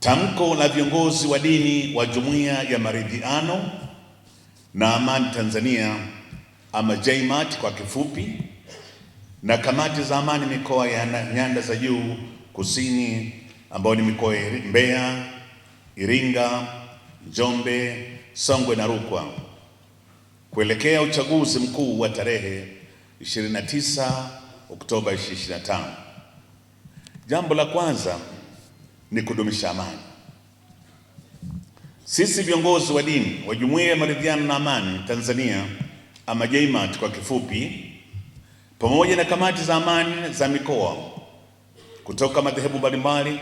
Tamko la viongozi wa dini wa Jumuiya ya Maridhiano na Amani Tanzania ama JMAT kwa kifupi, na kamati za amani mikoa ya nyanda za juu kusini, ambayo ni mikoa ya Mbeya, Iringa, Njombe, Songwe na Rukwa, kuelekea uchaguzi mkuu wa tarehe 29 Oktoba 2025. Jambo la kwanza ni kudumisha amani. Sisi viongozi wa dini wa Jumuiya ya Maridhiano na Amani Tanzania ama JMAT kwa kifupi, pamoja na kamati za amani za mikoa kutoka madhehebu mbalimbali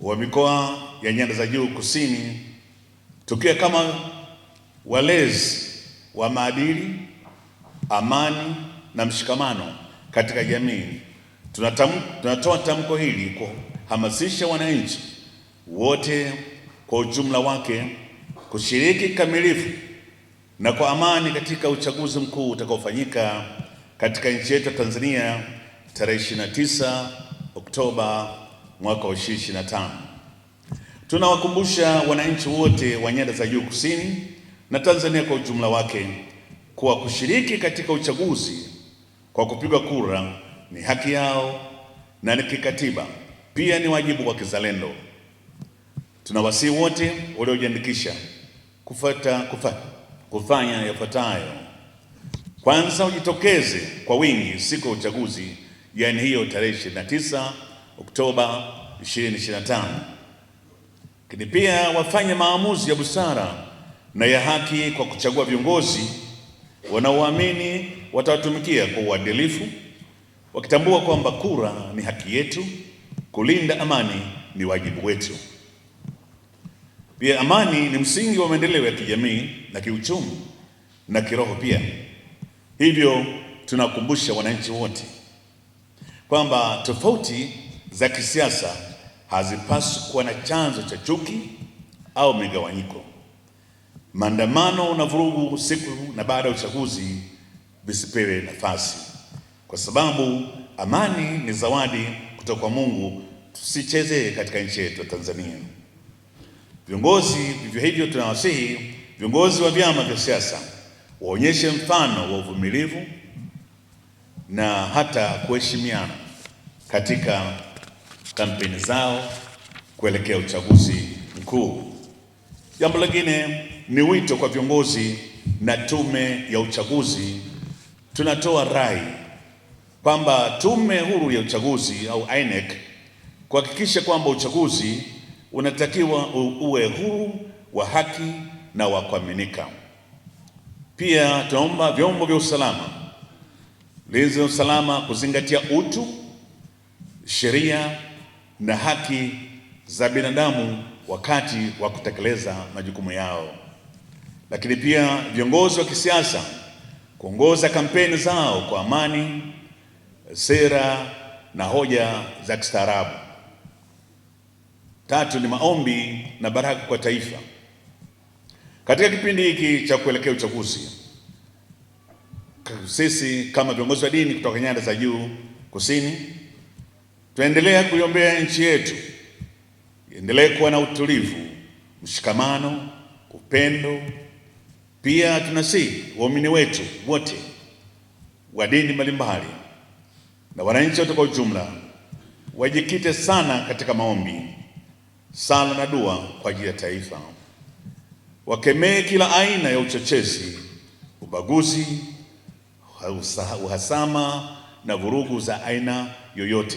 wa mikoa ya nyanda za juu kusini, tukiwa kama walezi wa maadili, amani na mshikamano katika jamii, tunatoa tamko hili kwa hamasisha wananchi wote kwa ujumla wake kushiriki kikamilifu na kwa amani katika uchaguzi mkuu utakaofanyika katika nchi yetu ya Tanzania tarehe 29 Oktoba mwaka wa 2025. Tunawakumbusha wananchi wote wa nyanda za juu kusini na Tanzania kwa ujumla wake kuwa kushiriki katika uchaguzi kwa kupiga kura ni haki yao na ni kikatiba pia ni wajibu kwa kizalendo. Tunawasihi wote waliojiandikisha kufata, kufa, kufanya yafuatayo. Kwanza, ujitokeze kwa wingi siku ya uchaguzi, yaani hiyo tarehe 29 Oktoba 2025. Lakini pia wafanye maamuzi ya busara na ya haki kwa kuchagua viongozi wanaoamini watawatumikia kwa uadilifu, wakitambua kwamba kura ni haki yetu Kulinda amani ni wajibu wetu. Pia amani ni msingi wa maendeleo ya kijamii na kiuchumi na kiroho pia. Hivyo tunakumbusha wananchi wote kwamba tofauti za kisiasa hazipaswi kuwa na chanzo cha chuki au migawanyiko. Maandamano na vurugu siku na baada ya uchaguzi visipewe nafasi, kwa sababu amani ni zawadi kutoka kwa Mungu tusichezee katika nchi yetu ya Tanzania. Viongozi vivyo hivyo, tunawasihi viongozi wa vyama vya siasa waonyeshe mfano wa uvumilivu na hata kuheshimiana katika kampeni zao kuelekea uchaguzi mkuu. Jambo lingine ni wito kwa viongozi na tume ya uchaguzi. Tunatoa rai kwamba tume huru ya uchaguzi au INEC kuhakikisha kwamba uchaguzi unatakiwa uwe huru wa haki na wa kuaminika. Pia tunaomba vyombo vya usalama, ulinzi usalama kuzingatia utu, sheria na haki za binadamu wakati wa kutekeleza majukumu yao. Lakini pia viongozi wa kisiasa kuongoza kampeni zao kwa amani, sera na hoja za kistaarabu. Tatu ni maombi na baraka kwa taifa. Katika kipindi hiki cha kuelekea uchaguzi, sisi kama viongozi wa dini kutoka nyanda za juu kusini tunaendelea kuiombea nchi yetu iendelee kuwa na utulivu, mshikamano, upendo. Pia tunasihi waumini wetu wote wa dini mbalimbali na wananchi wote kwa ujumla wajikite sana katika maombi sala na dua kwa ajili ya taifa. Wakemee kila aina ya uchochezi, ubaguzi, uhasama na vurugu za aina yoyote.